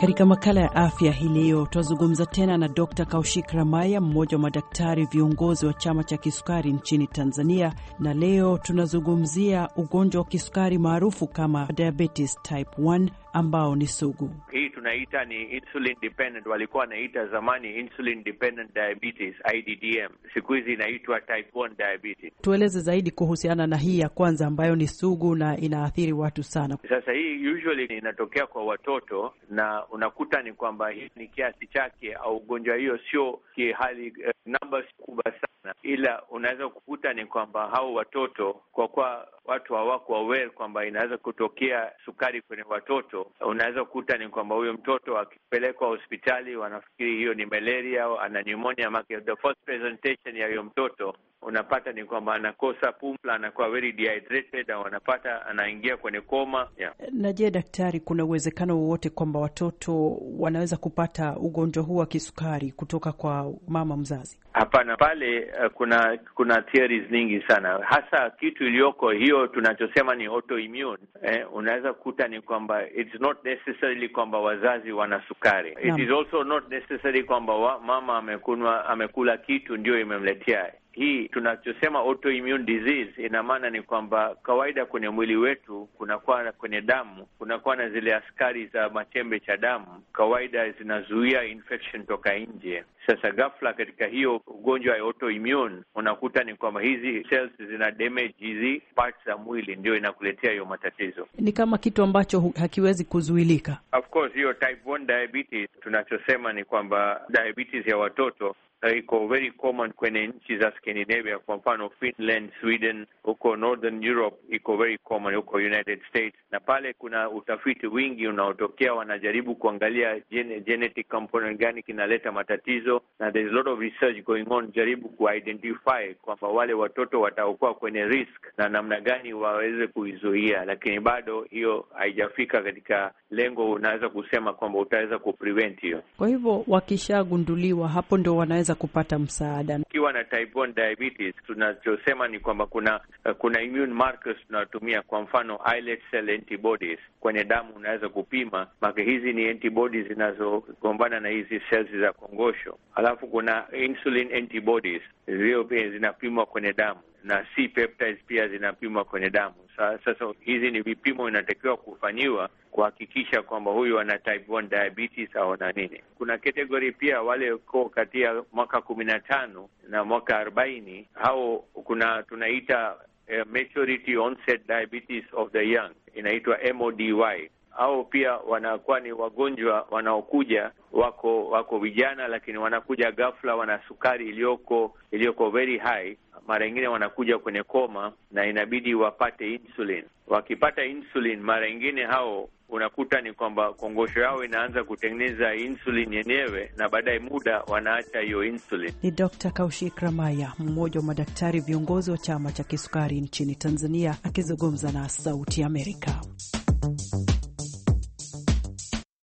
Katika makala ya afya hii leo tutazungumza tena na Dr Kaushik Ramaya, mmoja wa madaktari viongozi wa chama cha kisukari nchini Tanzania, na leo tunazungumzia ugonjwa wa kisukari maarufu kama diabetes type 1 ambao ni sugu. Hii tunaita ni insulin dependent, walikuwa wanaita zamani insulin dependent diabetes IDDM, siku hizi inaitwa type 1 diabetes. Tueleze zaidi kuhusiana na hii ya kwanza ambayo ni sugu na inaathiri watu sana. Sasa hii usually inatokea kwa watoto na unakuta ni kwamba hii ni kiasi chake au ugonjwa hiyo sio kihali uh, eh, namba kubwa sana, ila unaweza kukuta ni kwamba hao watoto kwa kuwa watu hawako aware kwamba inaweza kutokea sukari kwenye watoto. Unaweza kukuta ni kwamba huyo mtoto akipelekwa hospitali wanafikiri hiyo ni malaria au ana pneumonia, make the first presentation ya huyo mtoto unapata ni kwamba anakosa pumla, anakuwa very dehydrated, au anapata anaingia kwenye koma yeah. Na je, daktari, kuna uwezekano wowote kwamba watoto wanaweza kupata ugonjwa huu wa kisukari kutoka kwa mama mzazi? Hapana, pale eh, kuna kuna theories nyingi sana, hasa kitu iliyoko hiyo hiyo tunachosema ni autoimmune eh, unaweza kukuta ni kwamba it's not necessarily kwamba wazazi wana sukari no. It is also not necessarily kwamba mama amekunwa amekula kitu ndio imemletea hii tunachosema autoimmune disease, ina maana ni kwamba kawaida kwenye mwili wetu kunakuwa kwenye damu kunakuwa na zile askari za machembe cha damu, kawaida zinazuia infection toka nje. Sasa ghafla katika hiyo ugonjwa ya autoimmune unakuta ni kwamba hizi cells zina damage hizi parts za mwili, ndio inakuletea hiyo matatizo. Ni kama kitu ambacho hakiwezi kuzuilika. Of course hiyo type 1 diabetes tunachosema ni kwamba diabetes ya watoto Uh, iko very common kwenye nchi za Scandinavia, kwa mfano Finland, Sweden, huko Northern Europe iko very common, huko United States. Na pale kuna utafiti wingi unaotokea, wanajaribu kuangalia gene, genetic component gani kinaleta matatizo, na there is a lot of research going on jaribu kuidentify kwamba wale watoto wataokuwa kwenye risk na namna gani waweze kuizuia, lakini bado hiyo haijafika katika lengo unaweza kusema kwamba utaweza kuprevent hiyo. Kwa hivyo wakishagunduliwa, hapo ndio wanaweza kupata msaada. Ukiwa na type 1 diabetes, tunachosema ni kwamba kuna eh, kuna immune markers tunatumia, kwa mfano islet cell antibodies kwenye damu unaweza kupima make, hizi ni antibodies zinazogombana na hizi cells za kongosho. Alafu kuna insulin antibodies pia zinapimwa kwenye damu na C-peptides pia zinapimwa kwenye damu. Sasa hizi ni vipimo inatakiwa kufanyiwa kuhakikisha kwamba huyu ana type 1 diabetes au na nini. Kuna kategori pia wale ko kati ya mwaka kumi na tano na mwaka arobaini hao kuna tunaita uh, maturity onset diabetes of the young inaitwa MODY au pia wanakuwa ni wagonjwa wanaokuja wako wako vijana, lakini wanakuja ghafla, wana sukari iliyoko iliyoko very high. Mara yingine wanakuja kwenye koma na inabidi wapate insulin. Wakipata insulin, mara yingine hao unakuta ni kwamba kongosho yao inaanza kutengeneza insulin yenyewe na baadaye muda wanaacha hiyo insulin. Ni Dr. Kaushik Ramaya, mmoja wa madaktari viongozi wa chama cha kisukari nchini Tanzania, akizungumza na Sauti Amerika.